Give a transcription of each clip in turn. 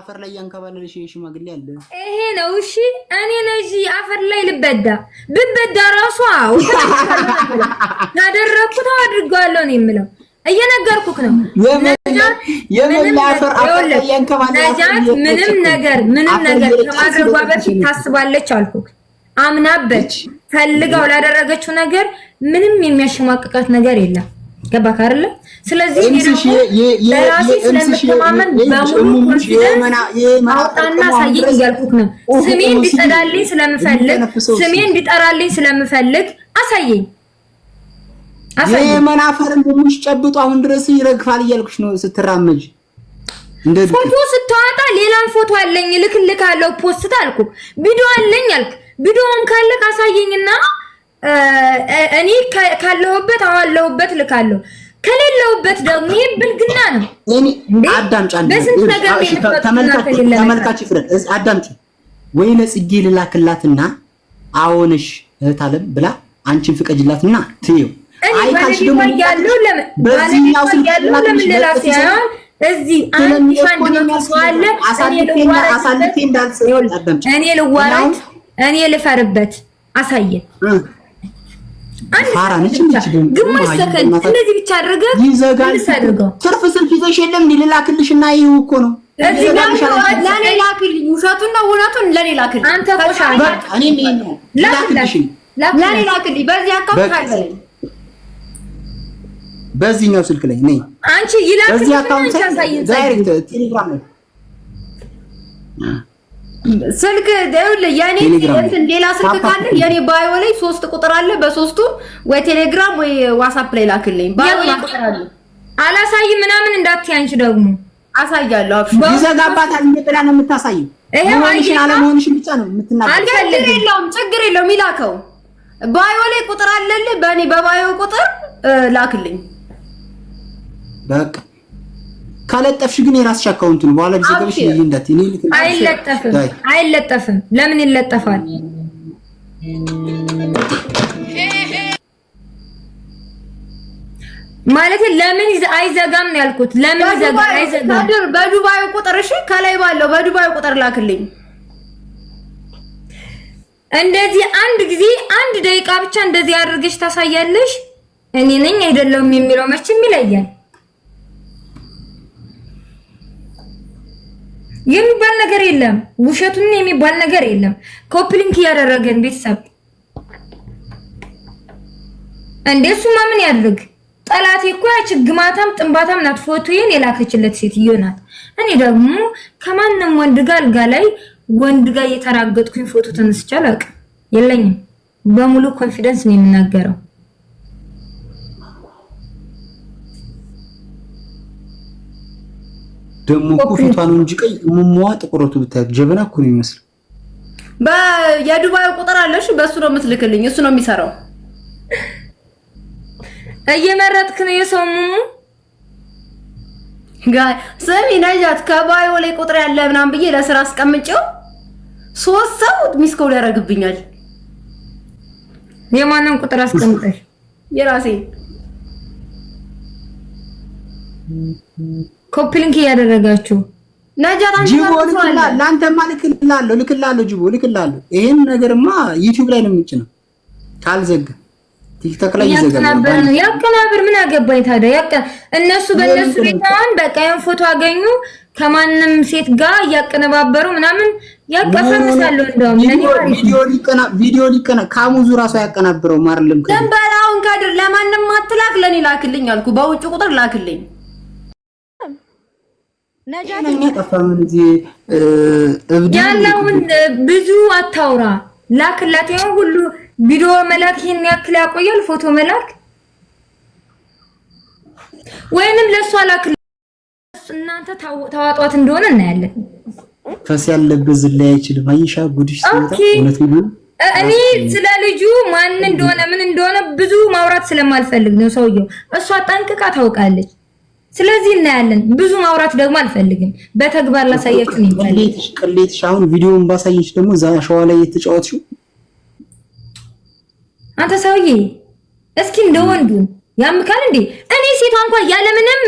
አፈር ላይ ያንከባለልሽ ሽማግሌ አለ። ይሄ ነው እሺ። እኔ ነጂ አፈር ላይ ልበዳ ብበዳ ራሱ አው ያደረኩት አድርጓለሁ ነው የምለው። እየነገርኩክ ነው። ነጃት ምንም ነገር ምንም ነገር ከማድረጓ በፊት ታስባለች አልኩክ። አምናበች ፈልጋው ላደረገችው ነገር ምንም የሚያሸማቅቃት ነገር የለም። ገባክ አይደለ? ስለዚህ ራሴ ስለምተማመን በሙሉ ኮንፊደንስ አውጣና ሳየኝ እያልኩት ነው። ስሜ እንዲጠራልኝ ስለምፈልግ ስሜ እንዲጠራልኝ ስለምፈልግ አሳየኝ። የመናፈርን ብሙሽ ጨብጦ አሁን ድረስ ይረግፋል እያልኩሽ ነው ስትራመጅ ፎቶ ስታወጣ ሌላን ፎቶ አለኝ ልክ አለው ፖስት አልኩ ቪዲዮ አለኝ አልክ ቪዲዮውን ካለ ካሳየኝና እኔ ካለሁበት አዋለሁበት ልካለሁ ከሌለውበት ደግሞ ይሄ ብልግና ነው። ተመልካች ይፍረድ። አዳምጪ ወይ ለጽጌ ልላክላትና አዎንሽ እህት አለም ብላ አንቺን ፍቀጅላትና ትየው አይካልሽ ደግሞ በዚህኛው ስልክ እኔ ልዋራጅ እኔ ልፈርበት አሳየን ፋራ ነች። ነች ግን ግማሽ ሰከንድ እንደዚህ ብቻ አድርገ ይዘጋል። ትርፍ ስልክ ይዘሽ የለም እንዴ? ልላክልሽ እና ይኸው እኮ ነው። ለእኔ ላክልኝ። ውሸቱን ነው እውነቱን ለእኔ ላክልኝ። አንተ ነው ላክልሽ ለእኔ ላክልኝ። በዚህ አካውንት አለኝ በዚህኛው ስልክ ላይ ነኝ። አንቺ ይላክልኝ። ዳይሬክት ቴሌግራም ላይ ስልክ ይኸውልህ፣ የኔ ሌላ ስልክ ካለ የኔ ባዮ ላይ ሶስት ቁጥር አለ። በሶስቱ ወይ ቴሌግራም ወይ ዋትስአፕ ላይ ላክልኝ። ባዮ ላይ ቁጥር አለ። አላሳይ ምናምን እንዳትዪ ደግሞ አሳያለሁ። አፍሽ ይዘጋባታል። እንደጥላ ነው የምታሳየው። ይሄ መሆንሽን አለመሆንሽን ብቻ ነው የምትናገረው። ችግር የለውም፣ ችግር የለውም። ይላከው። ባዮ ላይ ቁጥር አለልህ። በኔ በባዮ ቁጥር ላክልኝ በቃ ካለጠፍሽ ግን የራስሽ አካውንት ነው። በኋላ ቢዘገብሽ ይይንዳት እኔ ልክ አይለጠፍም፣ አይለጠፍም። ለምን ይለጠፋል? ማለት ለምን አይዘጋም ነው ያልኩት። ለምን ይዘጋል? አይዘጋም። በዱባዩ ቁጥር እሺ፣ ከላይ ባለው በዱባይ ቁጥር ላክልኝ። እንደዚህ አንድ ጊዜ አንድ ደቂቃ ብቻ እንደዚህ አድርገሽ ታሳያለሽ። እኔ ነኝ አይደለሁም የሚለው መቼም ይለያል። የሚባል ነገር የለም። ውሸቱን የሚባል ነገር የለም። ኮፕሊንክ እያደረገን ቤተሰብ እንደ እሱማ ምን ያድርግ? ጠላቴ እኮ ያች ግማታም ጥንባታም ናት። ፎቶዬን የላከችለት ሴትዮ ናት። እኔ ደግሞ ከማንም ወንድ ጋር አልጋ ላይ ወንድ ጋር እየተራገጥኩኝ ፎቶ ተነስቼ አላውቅም። የለኝም። በሙሉ ኮንፊደንስ ነው የምናገረው። ደግሞ እኮ ፊቷ ነው እንጂ ቀይ ሙሙዋ ጥቁረቱ ብታያት ጀበና እኮ ነው ይመስል። የዱባይ ቁጥር አለሽ፣ በእሱ ነው የምትልክልኝ። እሱ ነው የሚሰራው። እየመረጥክ ነው የሰው ሙሙ ጋር ስሚ ነጃት፣ ከባዮ ላይ ቁጥር ያለ ምናምን ብዬ ለስራ አስቀምጨው ሶስት ሰው ሚስኮል ያደርግብኛል። የማንን ቁጥር አስቀምጠሽ? የራሴ ኮፒ ሊንክ እያደረጋችሁ ነጃት ለአንተማ ልክላለሁ ልክላለሁ ጅቦ ልክላለሁ። ይሄን ነገርማ ዩቲዩብ ላይ ነው ነው ካልዘጋ ቲክቶክ ላይ ይዘጋል። ያቀናብር ምን አገባኝ ታዲያ? ያቀ እነሱ በእነሱ ቤታን በቃ ይሄን ፎቶ አገኙ ከማንም ሴት ጋር እያቀነባበሩ ምናምን ያቀፈረሳለሁ። እንደውም ቪዲዮ ሊቀና ከሙዙ ራሱ ያቀናብረው ማርልም ደንበላውን ካድር ለማንም አትላክ፣ ለኔ ላክልኝ አልኩ። በውጭ ቁጥር ላክልኝ ያለውን ብዙ አታውራ ላክላት። ይኸው ሁሉ ቪዲዮ መላክ ይሄን ያክል ያቆያል። ፎቶ መላክ ወይንም ለእሷ ላክላት። እናንተ ታዋጧት እንደሆነ እናያለን። ከስ ያለበት ዝላይ አይችልም። አይሻ ጉድሽ ሲመጣ እኔ ስለ ልጁ ማን እንደሆነ ምን እንደሆነ ብዙ ማውራት ስለማልፈልግ ነው። ሰውየው እሷ ጠንቅቃ ታውቃለች። ስለዚህ እናያለን። ብዙ ማውራት ደግሞ አልፈልግም። በተግባር ላሳያችሁ ነው የሚፈልግ። ቅሌትሽ አሁን ቪዲዮውን ባሳየች ደግሞ እዛ ሸዋ ላይ የተጫወትሽው አንተ ሰውዬ፣ እስኪ እንደ ወንዱ ያምካል እንዴ? እኔ ሴቷ እንኳን ያለምንም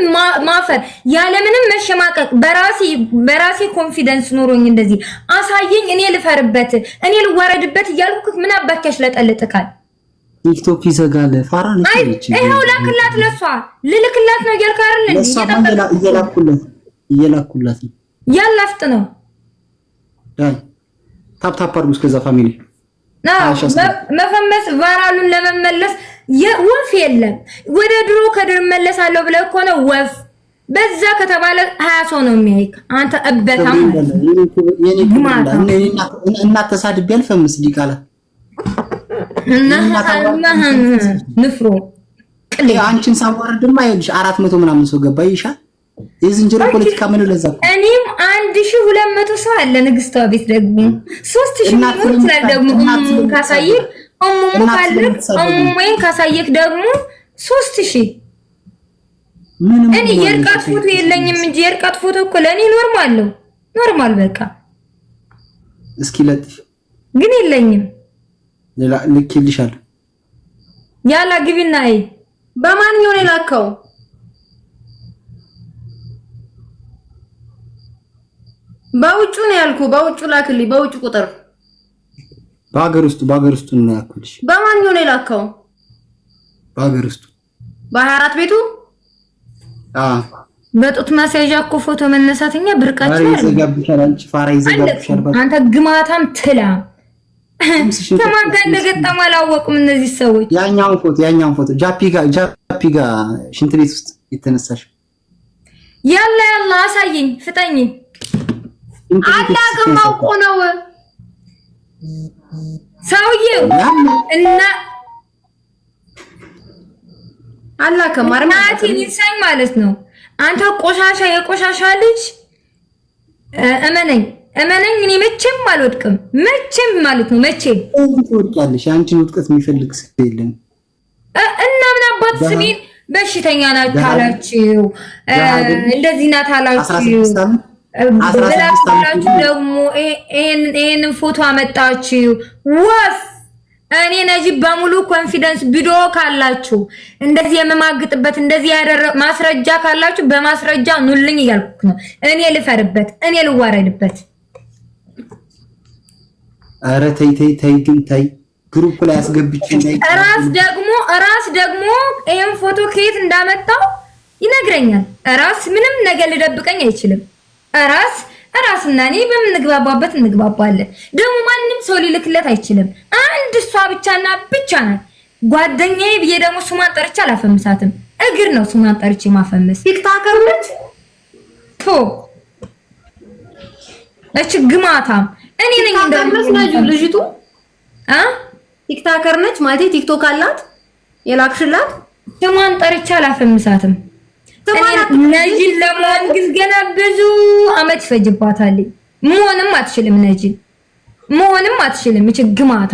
ማፈር ያለምንም መሸማቀቅ በራሴ በራሴ ኮንፊደንስ ኖሮኝ እንደዚህ አሳየኝ፣ እኔ ልፈርበት፣ እኔ ልወረድበት እያልኩ ምን አባካሽ ለጠልጥካል ቲክቶክ ይዘጋል። ፋራ ነች። ይኸው ላክላት፣ ለሷ ልልክላት ነው እያልክ አይደል? እየላኩላት ነው። ያላፍጥ ነው። ዳን ታፕ ታፕ አድርጉ። እስከዛ ፋሚሊ መፈመስ ቫራሉን ለመመለስ ወፍ የለም። ወደ ድሮ ከድር መለሳለሁ ብለህ ነው ወፍ በዛ ከተባለ ሀያ ሰው ነው የሚያይክ። አንተ እበታም እናት ተሳድቤ አልፈምስ ዲቃላት ንፍሮ አንቺን ሳዋርድማ ይኸውልሽ አራት መቶ ምናምን ሰው ገባ ይሻል የዝንጀሮ ፖለቲካ ምን ለዛ እኔም አንድ ሺ ሁለት መቶ ሰው አለ ንግስቷ ቤት ደግሞ ሶስት ሺ ሆኖ ይችላል ደግሞ እሙሙ ካሳየህ እሙሙ ካለህ ወይም ካሳየህ ደግሞ ሶስት ሺ እኔ የእርቃት ፎቶ የለኝም እንጂ የእርቃት ፎቶ እኮ ለእኔ ኖርማል ነው ኖርማል በቃ እስኪ ለጥፍ ግን የለኝም ልኬልሻለሁ። ያላ ግቢና አይ በማንኛው ነው የላከው? በውጩ ነው ያልኩ። በውጩ ላክልኝ። በውጩ ቁጥር በሀገር ውስጥ በሀገር ውስጥ ነው ያልኩልሽ። በማንኛው ነው የላከው? በሀገር ውስጥ በሀያ አራት ቤቱ በጡት ማስያዣ እኮ ፎቶ መነሳትኛ ብርቃችን። አንተ ግማታም ትላ ከማን ጋር እንደገጠመ አላወቁም። እነዚህ ሰዎች ያኛውን ፎቶ ያኛውን ፎቶ ጃፒ ጋር ጃፒ ሽንት ቤት ውስጥ የተነሳሽ ያላ ያላ አሳየኝ፣ ፍጠኝ። አላቅም አውቆ ነው ሰውዬው እና አላቅም አርማቲን ይንሳኝ ማለት ነው። አንተ ቆሻሻ የቆሻሻ ልጅ እመነኝ። እመነኝ፣ እኔ መቼም አልወድቅም። መቼም ማለት ነው መቼም ትወድቃለሽ። አንቺን ውድቀት የሚፈልግ ስ የለም እና ምን አባት ስሜን በሽተኛ ናት አላችሁ፣ እንደዚህ ናት አላችሁ ብላችሁ ደግሞ ይህንን ፎቶ አመጣችሁ ወፍ እኔ ነጂብ በሙሉ ኮንፊደንስ ቢዶ ካላችሁ እንደዚህ የምማግጥበት እንደዚህ ማስረጃ ካላችሁ በማስረጃ ኑልኝ እያልኩት ነው። እኔ ልፈርበት፣ እኔ ልዋረድበት። ኧረ ተይ ተይ ተይ ግን ተይ ግሩፕ ላይ አስገብቼ ራስ ደግሞ ራስ ደግሞ ይሄን ፎቶ ከየት እንዳመጣው ይነግረኛል። ራስ ምንም ነገር ሊደብቀኝ አይችልም። ራስ ራስና እኔ በምንግባባበት እንግባባለን። ደግሞ ማንም ሰው ሊልክለት አይችልም። አንድ እሷ ብቻና ብቻ ናት ጓደኛዬ ብዬ ደግሞ ሱማን ጠርቼ አላፈምሳትም። እግር ነው ሱማን ጠርቼ ማፈምስ። ቲክታከር ነች እች ግማታም እኔ ነኝ እንዳልኩ ልጅቱ አ ቲክታከር ነች ማለት ቲክቶክ አላት የላክሽላት ስሟን ጠርቻ አላፈምሳትም። ነጂን ለመሆን ግን ገና ብዙ አመት ይፈጅባታል። መሆንም አትችልም ነጂ መሆንም አትችልም። እች ግማታ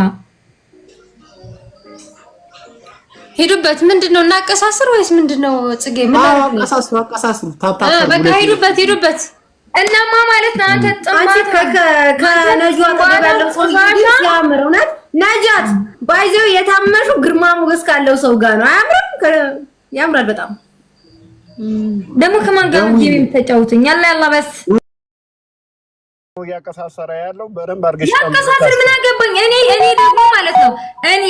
ሄዱበት ምንድነው? እናቀሳስር ወይስ ምንድነው? ጽጌ ምን አቀሳስሩ፣ አቀሳስሩ፣ ታጣጣ በቃ ሄዱበት፣ ሄዱበት እናማ ማለት ነው አንተ ጥማት ከነጇት ነጃት ባይዘው የታመሹ ግርማ ሞገስ ካለው ሰው ጋር ነው። አያምርም? ያምራል በጣም ደግሞ ከማን ጋር ነው የምትጫወቱኝ? ያላ ያላ በስ እያቀሳሰረ ያለው በደንብ አድርገሽ ያቀሳሰር ምን አገባኝ? እኔ እኔ ደግሞ ማለት ነው እኔ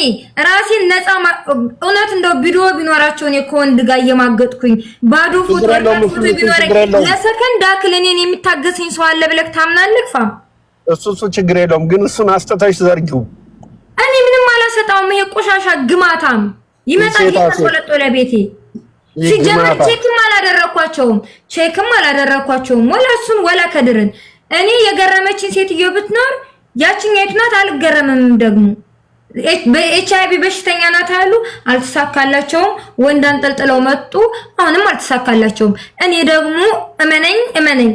ራሴን ነፃ እውነት እንደው ቪዲዮ ቢኖራቸው እኔ ከወንድ ጋር እየማገጥኩኝ ባዶ ፎቶ ፎቶ ቢኖረኝ ለሰከንድ አክል እኔን የሚታገሰኝ ሰው አለ ብለህ ታምናለህ? ፋም እሱ እሱ ችግር የለውም ግን እሱን አስተታሽ ዘርጊው። እኔ ምንም አላሰጣውም። ይሄ ቆሻሻ ግማታም ይመጣል ይተቆለጦለ ለቤቴ ሲጀመር ቼክም አላደረኳቸውም ቼክም አላደረኳቸውም ወላ እሱን ወላ ከድርን እኔ የገረመችን ሴትዮ ብትኖር ያችኛይቱ ናት። አልገረምም ደግሞ በኤች አይቪ በሽተኛ ናት አሉ። አልተሳካላቸውም። ወንድ አንጠልጥለው መጡ። አሁንም አልተሳካላቸውም። እኔ ደግሞ እመነኝ እመነኝ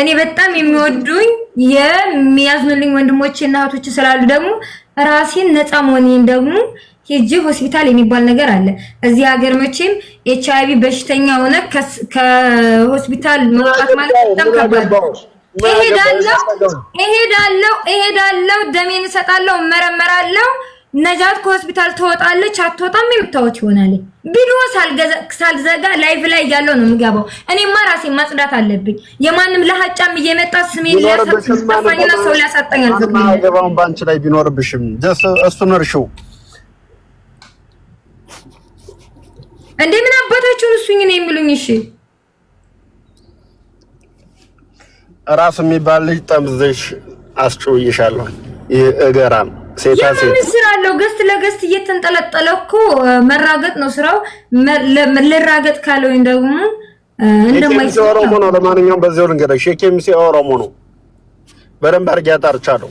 እኔ በጣም የሚወዱኝ የሚያዝኑልኝ ወንድሞቼ እና እህቶቼ ስላሉ ደግሞ ራሴን ነፃ መሆኔን ደግሞ ሄጂ ሆስፒታል የሚባል ነገር አለ እዚህ ሀገር። መቼም ኤች አይቪ በሽተኛ ሆነ ከሆስፒታል መውጣት ማለት በጣም ከባድ እሄዳለሁ እሄዳለሁ፣ ደሜን እሰጣለሁ፣ እመረመራለሁ። ነጃት ከሆስፒታል ትወጣለች አትወጣም የምታወት ይሆናል። ቪዲዮ ሳልዘጋ ላይቭ ላይ እያለሁ ነው የምገባው። እኔማ ራሴ ማጽዳት አለብኝ። የማንም ለሀጫም እየመጣ ስሜ ሊያሰፋኝና ሰው ሊያሳጠኝ በአንቺ ላይ ቢኖርብሽም እሱ ነርሽው እንደምን አባታችሁን እሱኝ ነው የሚሉኝ? እሺ ራስ የሚባል ልጅ ጠምዘሽ አስጭውይሻለሁ። እገራም ሴታ ሴት ስራ አለው። ገስት ለገስት እየተንጠለጠለ እኮ መራገጥ ነው ስራው። ልራገጥ ካለውኝ ደግሞ እንደማይሰ ኦሮሞ ነው። ለማንኛውም በዚያው ልንገርሽ የኬሚሴ ኦሮሞ ነው። በደንብ አድርጌ አጣርቻለሁ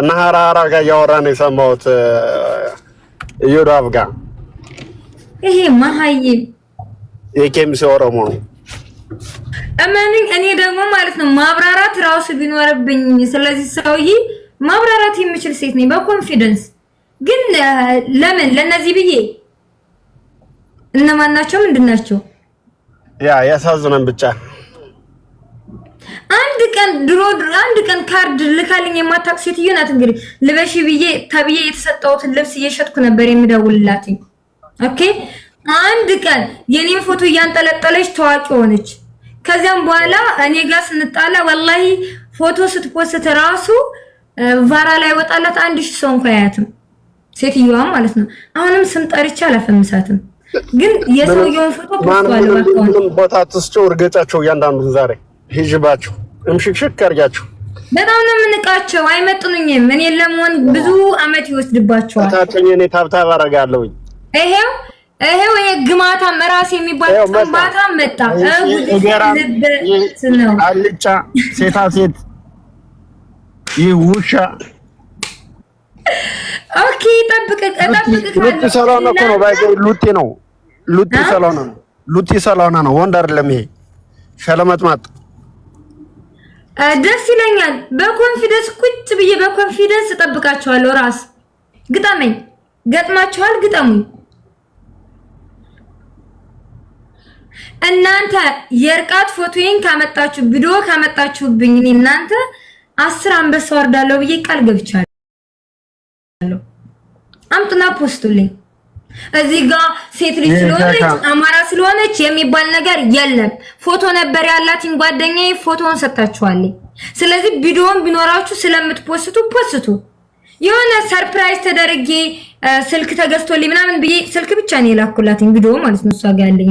እና ሀራራ ሀራ እያወራ ነው የሰማሁት እዮዳብ ጋር ይሄ መሀይም የኬሚሴ ኦሮሞ ነው። እመንኝ እኔ ደግሞ ማለት ነው ማብራራት ራሱ ቢኖርብኝ ስለዚህ ሰውዬ ማብራራት የምችል ሴት ነኝ በኮንፊደንስ ግን ለምን ለነዚህ ብዬ እነማን ናቸው ምንድን ናቸው ያ ያሳዝነን ብቻ አንድ ቀን ድሮ አንድ ቀን ካርድ ልካልኝ የማታውቅ ሴትዮ ናት እንግዲህ ልበሺ ብዬ ተብዬ የተሰጠሁትን ልብስ እየሸጥኩ ነበር የምደውልላት ኦኬ አንድ ቀን የኔን ፎቶ እያንጠለጠለች ታዋቂ ሆነች ከዚያም በኋላ እኔ ጋር ስንጣላ ወላሂ ፎቶ ስትፖስት ራሱ ቫራ ላይ ወጣላት አንድ ሺህ ሰው እንኳ አያትም፣ ሴትዮዋ ማለት ነው። አሁንም ስም ጠርቼ አላፈምሳትም፣ ግን የሰውየውን ፎቶ ፖስቷል። ቦታ አትስጪው፣ እርገጫቸው። እያንዳንዱ ዛሬ ሂጅባቸው፣ እምሽክሽክ አድርጋቸው። በጣም ነው የምንቃቸው፣ አይመጥኑኝም። እኔ ለመሆን ብዙ አመት ይወስድባቸዋል። ታተኝ እኔ ታብታብ አደርጋለሁኝ ይሄው ይሄው ይሄ ግማታ መራስ የሚባል ግማታ መጣ። አልጫ ሴታ ሴት ይህ ውሻ ኦኬ፣ ጠብቅ ጠብቅ። ሉጢ ሰላውና እኮ ነው ባይ ሉጢ ነው። ሉጢ ሰላውና ነው። ሉጢ ሰላውና ነው። ወንድ አይደለም ይሄ ሸለመጥማጥ። ደስ ይለኛል። በኮንፊደንስ ቁጭ ብዬ በኮንፊደንስ እጠብቃቸዋለሁ። ራስ ግጠመኝ። ገጥማቸዋል፣ ግጠሙኝ እናንተ የርቃት ፎቶዬን ካመጣችሁ ቪዲዮ ካመጣችሁብኝ እናንተ አስር አንበሳ ወርዳለሁ ብዬ ቃል ገብቻለሁ። አምጥና ፖስቱልኝ። እዚህ ጋር ሴት ልጅ ስለሆነች አማራ ስለሆነች የሚባል ነገር የለም። ፎቶ ነበር ያላትን ጓደኛዬ ፎቶውን ሰጣችኋለኝ። ስለዚህ ቪዲዮን ቢኖራችሁ ስለምትፖስቱ ፖስቱ። የሆነ ሰርፕራይዝ ተደርጌ ስልክ ተገዝቶልኝ ምናምን ብዬ ስልክ ብቻ ነው የላኩላትኝ ቪዲዮ ማለት ነው እሷ ጋር ያለኝ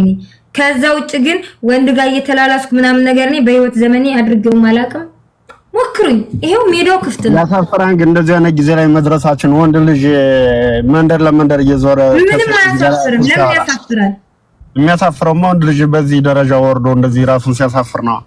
ከዛ ውጭ ግን ወንድ ጋር እየተላላስኩ ምናምን ነገር እኔ በህይወት ዘመኔ አድርጌውም አላውቅም። ሞክሩኝ፣ ይሄው ሜዳው ክፍት ነው። ያሳፍራን ግን እንደዚህ አይነት ጊዜ ላይ መድረሳችን። ወንድ ልጅ መንደር ለመንደር እየዞረ ምንም አያሳፍርም። ለምን ያሳፍራል? የሚያሳፍረውማ ወንድ ልጅ በዚህ ደረጃ ወርዶ እንደዚህ ራሱን ሲያሳፍር ነው።